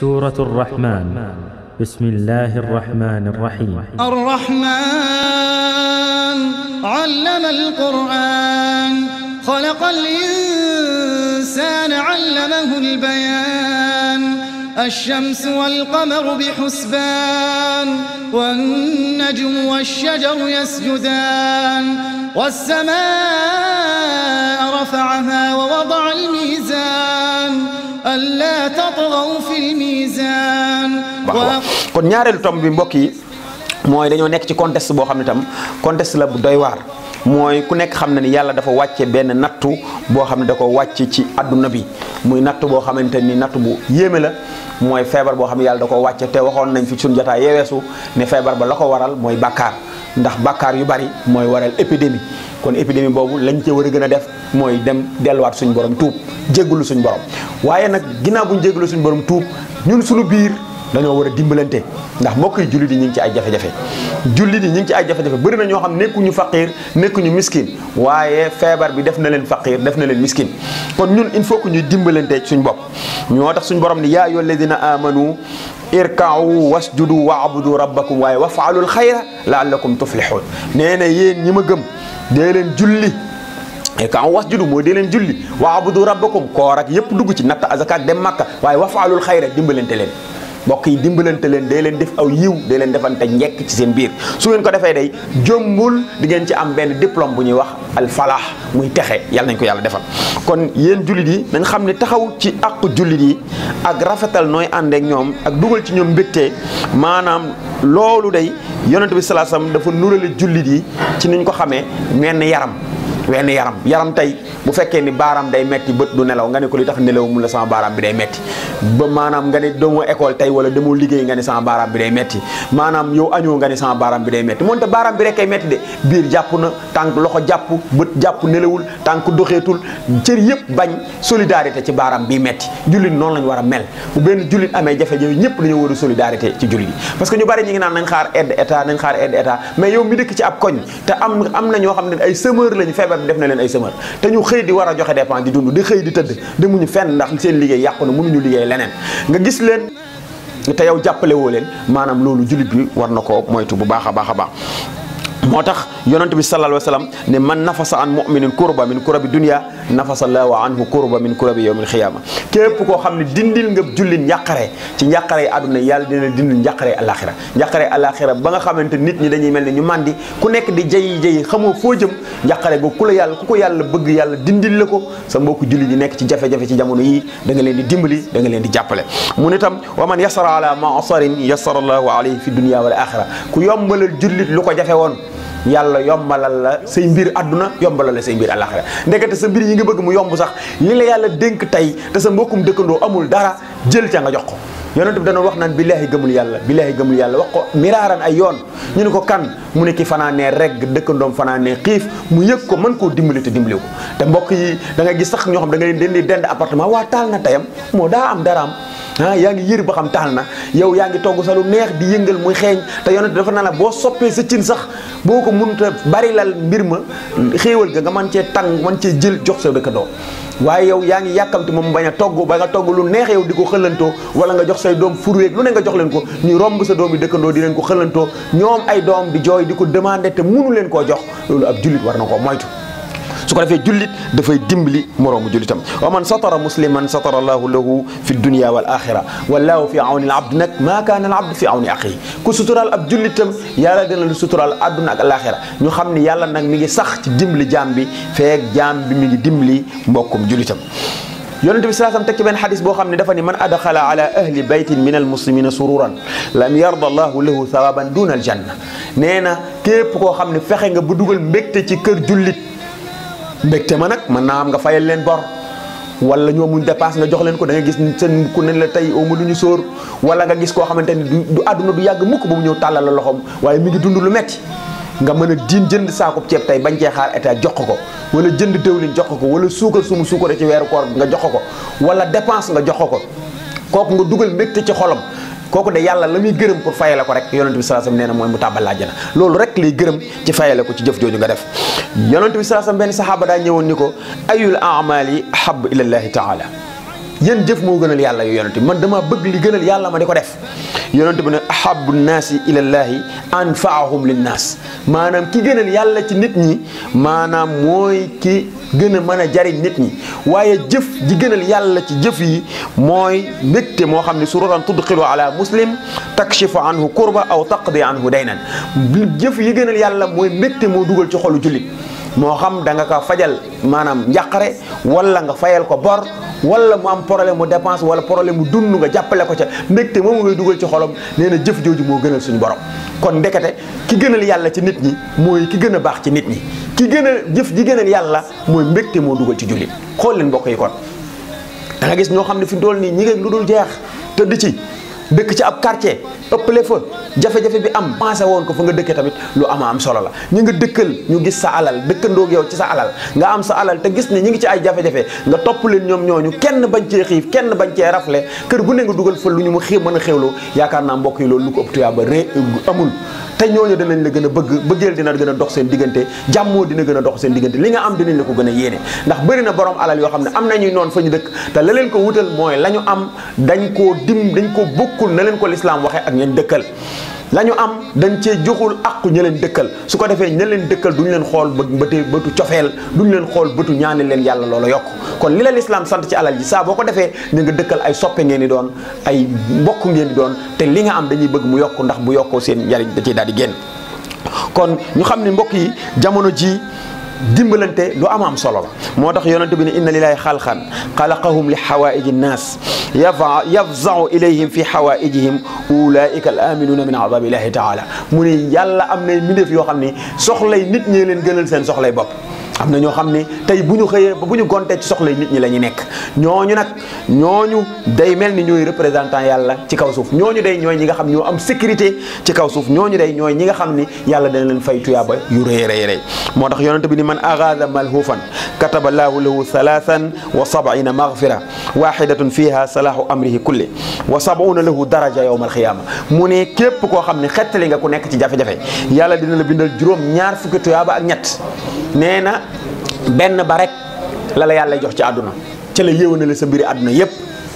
سورة الرحمن بسم الله الرحمن الرحيم الرحمن علم القرآن خلق الإنسان علمه البيان الشمس والقمر بحسبان والنجم والشجر يسجدان والسماء kon ñaareelu tomb bi mbokk yi mooy dañoo nekk ci contexte boo xam ne tam contexte la bu doy waar mooy ku nekk xam na ni yàlla dafa wàcce benn nattu boo xam ne da ko ci àdduna bi muy natt boo xamante ni nattu bu yéeme la mooy feebar boo xam ne yàlla da ko wàcce te waxoon nañ fi suñ jotaay yeeweesu ne feebar ba la ko waral mooy bàkkaar ndax bàkkaar yu bari mooy waral épidémie kon épidémie boobu lañ ci war a gën a def mooy dem delluwaat suñu borom tuub jéggalu suñu borom dañoo war a dimbalante ndax mbokk yi yi ñu ci ay jafe-jafe jullit yi ñu ci ay jafe-jafe bëri na ñoo xam nekkuñu faqiir nekkuñu miskin waaye feebar bi def na leen faqiir def na leen miskin kon ñun il faut que ñuy dimbalante suñ bopp ñoo tax suñ borom ni yaa ayyuha alladina amanu irka'u wasjudu wa'budu rabbakum waaye wafaalul xayra laallakum tuflihun nee yéen ñi gëm dee leen julli irka'u wasjudu mooy dee leen julli wa'budu rabbakum ko rak yep dugg ci natt azaka dem màkka waaye wafaalul khayra dimbalante len mbokk yi dimbalante leen day leen def aw yiw day leen defante njekk ci seen biir su ngeen ko defee day jombul di ngeen ci am benn diplôme bu ñuy wax alfalaax muy texe yàlla nañ ko yàlla defal kon yéen jullit yi nañ xam ne taxaw ci àqu jullit yi ak rafetal nooy ànd ñoom ak dugal ci ñoom mbégte maanaam loolu day yonent bi salaasam dafa nurale jullit yi ci niñ ko xamee menn yaram wenn yaram yaram tey bu fekkee ni baaraam day metti bët du nelaw nga ne ko li tax nelaw mun la sama baaraam bi day metti ba maanaam nga ne demoo école tey wala demoo liggéey nga ne sama baaraam bi day metti maanaam yow añoo nga ne sama baaraam bi day metti moonte baaraam bi rek kay metti de biir jàpp na tànk loxo jàpp bët jàpp nelawul tànk doxeetul cër yëpp bañ solidarité ci baaraam bi metti jullit noonu lañ war a mel bu benn jullit amee jafe-jafe ñëpp dañoo war a solidarité ci jullit yi parce que ñu bari ñu ngi naan nañ xaar aide état nañ xaar mi dëkk ci ab koñ te am am na feebar def na leen ay chômeur te ñu xëy di war a joxe dépense di dund di xëy di tëdd demuñu fenn ndax seen liggéey yàqu na mënuñu liggéey leneen nga gis leen te yow jàppale leen maanaam loolu jullit bi war na ko moytu bu baax a baax a baax moo tax yonent bi sallallahu alayhi wa sallam ne man nafasa an muminin kurba min kurabi dunia nafasa llahu anhu kurba min kurabi yawmil xiyaama képp koo xam ne dindil nga jullit njàqare ci njàqare àdduna yàlla dina dindil njàqare alaxira njàqare alaxira ba nga xamante nit ñi dañuy mel ne ñu màndi ku nekk di jayi jayi xamoo foo jëm njàqare ba ku la yàlla ku ko yàlla bëgg yàlla dindil la ko sa mbokku jullit yi nekk ci jafe-jafe ci jamono yi danga leen di dimbali da leen di jàppale mu ne tam wa man yasara ala maasarin yasara llahu alayhi fi dunia wal axira ku yombalal jullit lu ko jafe woon yàlla yombalal la say mbir àdduna yombalal la say mbir àlaxira ndekete sa mbir yi nga bëgg mu yomb sax li la yàlla dénk tey te sa mbokkum dëkkandoo amul dara jël ca nga jox ko yonent bi danoon wax naan billaahi gëmul yàlla billaahi gëmul yàlla wax ko miraaran ay yoon ñu ne ko kan mu ne ki fanaanee regg dëkkandoom fanaanee xiif mu yëg ko mën koo dimbali te dimbali ko te mbokk yi da nga gis sax ñoo xam da nga leen di dend appartement waa taal na moo daa am dara ah yaa ngi yëri ba xam taal na yow yaa ngi togg sax lu neex di yëngal muy xeeñ te yonent dafa na la boo soppee sa cin sax boo ko mënut bari lal mbir ma xéewal ga nga man cee tàng man cee jël jox sa dëkkandoo waaye yow yaa ngi yàkkamti moom bañ a togg ba nga togg lu neex yow di ko xëlantoo wala nga jox say doom furweeg lu ne nga jox leen ko ñu romb sa doom yi dëkkandoo di leen ko xëlantoo ñoom ay doom di jooy di ko demandé te mënu leen koo jox loolu ab jullit war na ko moytu su ko defee jullit dafay dimbali moroomu mu wa man satara musliman satara allahu lahu fi wal axira wallahu fi awni al abd nag maa kaana al abd fi awni axihi ku suturaal ab jullitam ñu xam ni yàlla nag mi ngi sax ci dimbali jaam bi feek jaam bi mi ngi dimbali mbokkum jullitam yonente bi salaasam teg ci benn xadis boo xam ne dafa ni man adxala ala ahli baytin min al muslimina sururan lam yarda allahu lahu thawaban duna aljanna na képp xam ne fexe nga bu dugal mbégte ci kër jullit mbégte ma nag mën naa am nga fayal leen bor wala ñoo muñ dépasse nga jox leen ko da nga gis seen ku ne la tey mu lu ñu soor wala nga gis koo xamante ni du àdduna du yàgg mukk ba mu ñëw tàllal la loxoom waaye mi ngi dund lu metti nga mën a diin jënd saakub ceeb tey bañ cee xaar état jox ko wala jënd déwlin jox ko wala suukar sumu suukare ci weeru koor nga jox ko wala depanse nga jox ko kooku nga dugal mbégte ci xolom kooku de yàlla la muy gërëm pour fayale ko rek yonent bi sallallahu alayhi wasallam nee mu tàbbal àjjana loolu rek lay gërëm ci fayale ko ci jëf jooju nga def yonent bi sa sam benn saxaaba daa ñëwoon ni ko ayul amali hab ilallahi taala yan jëf moo gënal yàlla yu yonent bi man dama bëgg li gënal yàlla ma di ko def yonent bi ne ahabu naasi ilallaahi anfaahum linnaas maanaam ki gënal yàlla ci nit ñi maanaam mooy ki gën a mën a jariñ nit ñi waaye jëf ji gënal yàlla ci jëf yi mooy mbégte moo xam ne suratan tudxilu ala muslim takshifu anhu kurba aw taqdi anhu daynan jëf yi gënal yàlla mooy mbégte moo dugal ci xolu jullit moo xam da nga ko fajal maanaam njàqare wala nga fayal ko bor wala mu am problème mu dépense wala problème mu dund nga jàppale ko ca mbégte moom ngay dugal ci xolom nee na jëf jooju moo gënal suñu borom kon ndekete ki gënal yàlla ci nit ñi mooy ki gën a baax ci nit ñi ki gën jëf ji gënal yàlla mooy mbégte moo dugal ci jullit xool leen mbokk yi kon da nga gis ñoo xam ne fi mu toll nii ñi ngeen lu dul jeex tëdd ci dëkk ci ab quartier ëppale fa jafe-jafe bi am pensé woon ko fa nga dëkke tamit lu ama am solo la ñu nga dëkkal ñu gis sa alal dëkkandoog yow ci sa alal nga am sa alal te gis ne ñu ngi ci ay jafe-jafe nga topp leen ñoom ñooñu kenn bañ cee xiif kenn bañ cee rafle kër gu ne nga dugal fa lu ñu mu xii mën a loo yaakaar naa mbokk yi loolu lu ko ëpp tuyaaba ré amul te ñooñu dinañ la gën a bëgg bëggeel dina gën a dox seen diggante jàmmoo dina gën a dox seen diggante li nga am dinañ la ko gën a ndax bëri na borom alal yoo xam ne am nañuy noon fa ñu dëkk te la ko wutal mooy la ñu am dañ koo dim dañ ko bokkul na leen ko lislaam waxee ak ñeen dëkkal la ñu am dañ cee joxul àqu ña leen dëkkal su ko defee ña leen dëkkal duñu leen xool bëte bëtu cofeel duñu leen xool bëtu ñaane leen yàlla loola yokk kon li la lislaam sant ci alal ji saa boo ko defee ñu nga dëkkal ay soppe ngeen di doon ay mbokk ngeen di doon te li nga am dañuy bëgg mu yokk ndax mu yokkoo seen njariñ da cee daal di génn kon ñu xam ne mbokk yi jamono ji dimbalante lu am am solo la moo tax yonente bi ne inna lillahi xalqan xalaqahum li xawaaiji nnaas yafa yafzau ilayhim fi xawaaijihim ulaika al aminuna min azabi illahi taala mu ne yàlla am na mbindeef yoo xam ne soxlay nit ñee leen gënal seen soxlay bopp am na ñoo xam ne tey bu ñu xëyee ba bu ñu gontee ci soxla nit ñi la ñuy nekk ñooñu nag ñooñu day mel ni ñooy représentant yàlla ci kaw suuf ñooñu day ñooy ñi nga xam ñoo am sécurité ci kaw suuf ñooñu day ñooy ñi nga xam ni yàlla dana leen fay tuyaaba yu rëy rëy rëy moo tax yonent bi ni man aghaza malhufan kataba laahu lahu thalathan wa sab'ina maghfira wahidatun fiha salahu amrihi kulli wa sab'una lahu daraja yawm alqiyama mu ne képp koo xam ni xettali nga ku nekk ci jafe-jafe yàlla dina la bindal juróom ñaar fukki tuyaaba ak ñett benn ba rek lala yàlla jox ci àdduna ca la la sa mbiri àdduna yépp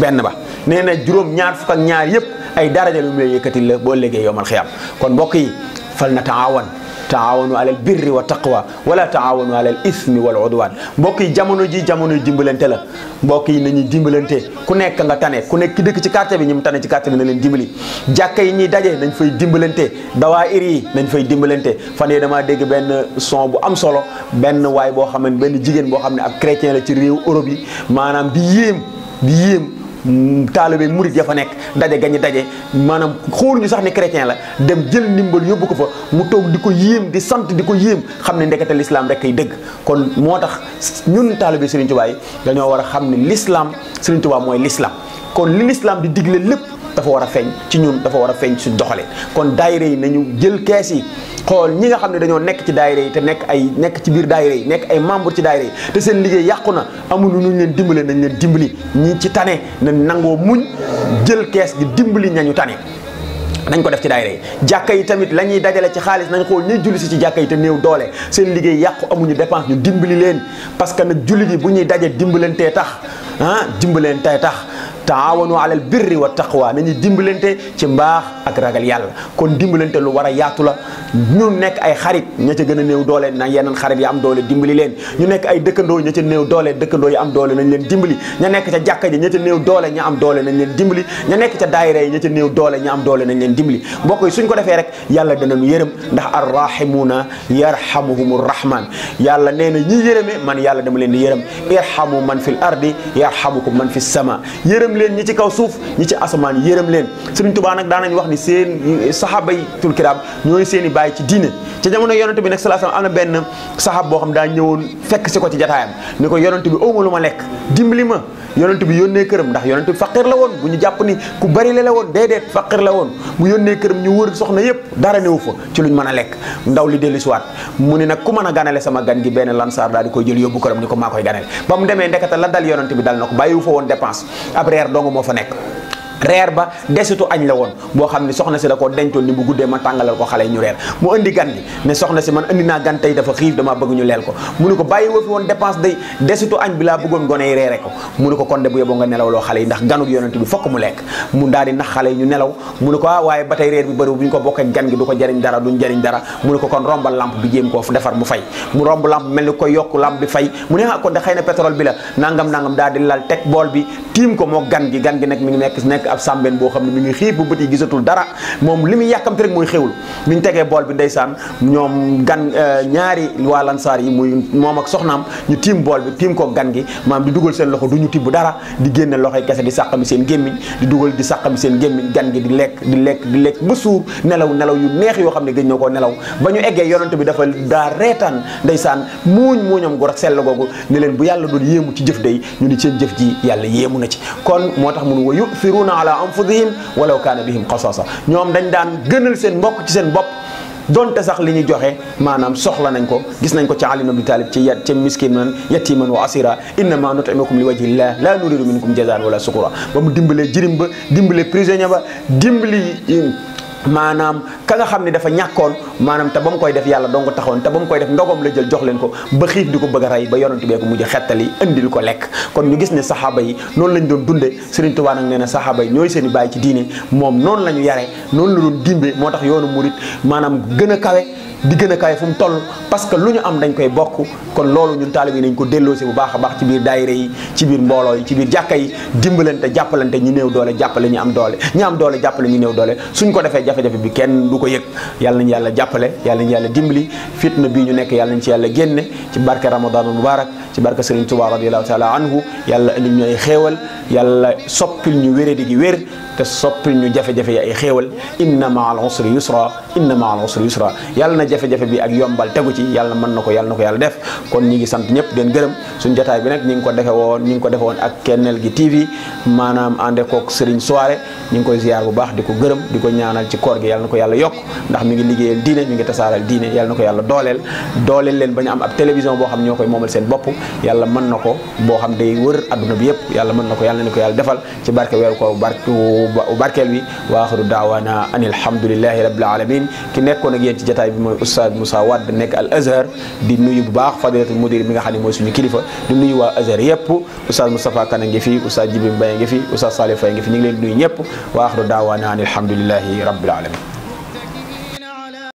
benn ba nee na juróom ñaar fukk ak ñaar yépp ay daraja lu mu lay yëkkati la boo léegi yomal xiyam kon mbokk yi fal na taawan ta taawanu alal birri wa taqwa wala taawanu alal ismi wal udwan mbokk yi jamono ji jamono yi dimbalante la mbokk yi nañuy dimbalante ku nekk nga tane ku nekk dëkk ci quartier bi ñi mu tane ci quartier bi na leen dimbali jàkka yi ñuy daje nañ fay dimbalante dawaa ir yi nañ fay dimbalante fan yee damaa dégg benn son bu am solo benn waay boo xam ne benn jigéen boo xam ne ab chrétien la ci réew Europe yi maanaam di yéem di yéem taalibe murit ya fa nekk daje gañu daje maanaam xooluñu sax ni chrétien la dem jël ndimbal yóbbu ko fa mu toog di ko yéem di sant di ko yéem xam ne ndekete lislaam rek kay dëgg kon moo tax ñun taalibe Serigne Touba yi dañoo war a xam ne lislaam Serigne Touba mooy lislaam kon li lislaam di digle lépp dafa war a feeñ ci ñun dafa war a feeñ suñ doxale kon daayira yi nañu jël kees yi xool ñi nga xam ne dañoo nekk ci daayira yi te nekk ay nekk ci biir daayira yi nekk ay membre ci daayira yi te seen liggéey yàqu na amuñu lu ñu leen dimbale nañ leen dimbali ñi ci tane na nangoo muñ jël kees gi dimbali ñañu tane nañ ko def ci daayira yi jàkka yi tamit la ñuy dajale ci xaalis nañ xool ñuy julli si ci jàkka yi te néew doole seen liggéey yàqu amuñu dépense ñu dimbali leen parce que nag jullit yi bu ñuy daje dimbalantee tax ah dimbalantee tax taawanu alal birri wa taqwa nañu dimbalante ci mbaax ak ragal yàlla kon dimbalante lu war a yaatu la ñu nekk ay xarit ña ca gën a néew doole na yeneen xarit yi am doole dimbali leen ñu nekk ay dëkkandoo ña ca néew doole dëkkandoo yi am doole nañ leen dimbali ña nekk ca jàkka ji ña ca néew doole ña am doole nañ leen dimbali ña nekk ca daayira yi ña ca néew doole ña am doole nañ leen dimbali mbokk yi suñ ko defee rek yàlla danañu yërëm ndax arrahimuuna yarhamuhumur rahman yàlla nee na ñi yërëme man yàlla dama leen di yërëm irhamu man fil ardi yarhamukum man fis sama yërëm leen ñi ci kaw suuf ñi ci asamaan yërëm leen Sëriñ Tuubaa nag daanañ wax ni seen eh, saxaaba yi tul kiraam ñooy seen i bàyyi ci diine ca jamono yonent bi nag sallallahu alayhi wasallam am na benn saxaab boo xam daa ñëwoon fekk si ko ci jataayam ni ko yonent bi awma lu ma lekk dimbali ma yonent bi yónnee këram ndax yonent bi faqir la woon bu ñu jàpp ni ku bari la la woon déedéet faqir la woon mu yónnee këram ñu wër soxna yëpp dara newu fa ci lu ñu mën a lekk ndaw li dellu siwaat mu ni nag ku mën a ganale sama gan gi benn lansaar daal di koy jël yóbbu këram ni ko maa koy ganale ba mu demee ndekete la dal yonent bi dal na ko bàyyiwu fa woon dépense ab reer dong moo fa nekk reer ba desitu añ la woon boo xam ne soxna si da ko dencoon ni bu guddee ma tàngalal ko xale ñu reer mu indi gan gi ne soxna si man indi naa gan tey dafa xiif dama bëgg ñu leel ko mu ne ko bàyyi woo mu kon de bu yeboo nga ne ko ah waaye ba tey reer bi bëriw bu ñu ko bokkee du ko jariñ dara duñ kon rombal lampe bi koo defar mu fay mu romb bi fay mu ne ah kon de xëy bool bi tiim gan gi gan gi ngi nekk ab samben bo xamni mi ngi xiif bu gisatul dara mom limi muy yàkkamte rek moy xewul mi ñu tegee bi ndeysaan ñom gan euh, ñaari wa lansar yi moy mom ak soxnam ñu tim bol bi tim ko gan gi maam di duggal seen loxo du ñu tibb dara di génne loxoy kese di sàqami seen gémmiñ di duggal di sàqami seen gémmiñ gan gi di lek di lek di lek ba suur nelaw nelaw yu neex yo xamni gëñ ñoko nelaw ba ñu eggee yonent bi dafa da reetaan ndeysaan muñ muñam gu sell gogu ne len bu yalla do yéemu ci jëf day ñu ni seen jëf ji yalla yéemu na ci kon motax mu mun wa firuna yata'ammawna ala anfusihim walaw kaana bihim xasasa ñoom dañ daan gënal seen mbokk ci seen bopp donte sax li ñu joxe maanaam soxla nañ ko gis nañ ko ci Ali ibn Abi Talib ci yat ci miskinan yatiman wa asira innama nut'imukum li wajhillah la nuridu minkum jazaan wala sukura ba mu jirim ba dimbalee prisonnier ba dimbali maanaam ka nga xam ne dafa ñàkkoon maanaam te ba mu koy def yàlla dong taxoon te ba mu koy def ndogom la jël jox leen ko ba xiif di ko bëgg a rey ba yonent bee ko mujj xettali indil ko lekk kon ñu gis ne saxaaba yi noonu lañ doon dunde Sëriñ Tuubaa nag nee na saxaaba yi ñooy seen i bàyyi ci diine moom noonu la ñu yare noonu la doon dimbe moo tax yoonu murit maanaam gën a kawe di fu mu toll parce que lu ñu am dañ koy bokk kon loolu ñun taalibe yi nañ ko delloosi bu baax a baax ci biir daayira yi ci biir mbooloo yi ci biir jàkka yi dimbalante jàppalante ñu néew doole jàppale ñu am doole ñu am doole jàppale ñu néew doole suñ ko defee jafe-jafe bi kenn du ko yëg yàlla nañu yàlla jàppale yàlla nañu yàlla dimbali fitna bii ñu nekk yàlla nañ ci yàlla génne ci barke ramadanul mubarak ci barke Sëriñ Tuubaa radiyallahu taala anhu yàlla indi ñooy xéewal yàlla soppil ñu wéré di gi wér te soppi ñu jafe-jafe yi ay xéewal inna ma'al usri yusra inna ma'al usri yusra yàlla na jafe-jafe bi ak yombal tegu ci yàlla mën na ko yalla na ko yàlla def kon ñi ngi sant ñëpp den gërëm suñu jotaay bi nag ñi ngi ko defe woon ñi ngi ko defe woon ak Kennel gi TV maanaam ànde kook Serigne Soare ñi ngi koy ziar bu baax di ko gërëm di ko ñaanal ci koor gi yàlla na ko yàlla yokk ndax mu ngi liggéeyal diine mi ngi tasaaral diine yàlla na ko yàlla dooleel dooleel leen ba ñu am ab boo xam ñoo koy moomal seen bopp yàlla mën na ko boo xam day bi yëpp yàlla mën na ko yàlla na ko yàlla defal ci bu barkeel wi waa axiru daawaana an alhamdulilahi rabbil alamin ki nekkoon ak yéen ci jataay bi mooy oustaz Moussa Wade nekk al di nuyu bu baax fadilatul mudir mi nga xam ne mooy suñu kilifa di nuyu waa azhar yëpp oustaz Moustapha Kane ngi fi oustaz Jibi Mbaye ngi fi oustaz Salif Faye ngi fi ñu ngi leen di ñëpp wa axiru daawaana an alhamdulilahi rabbil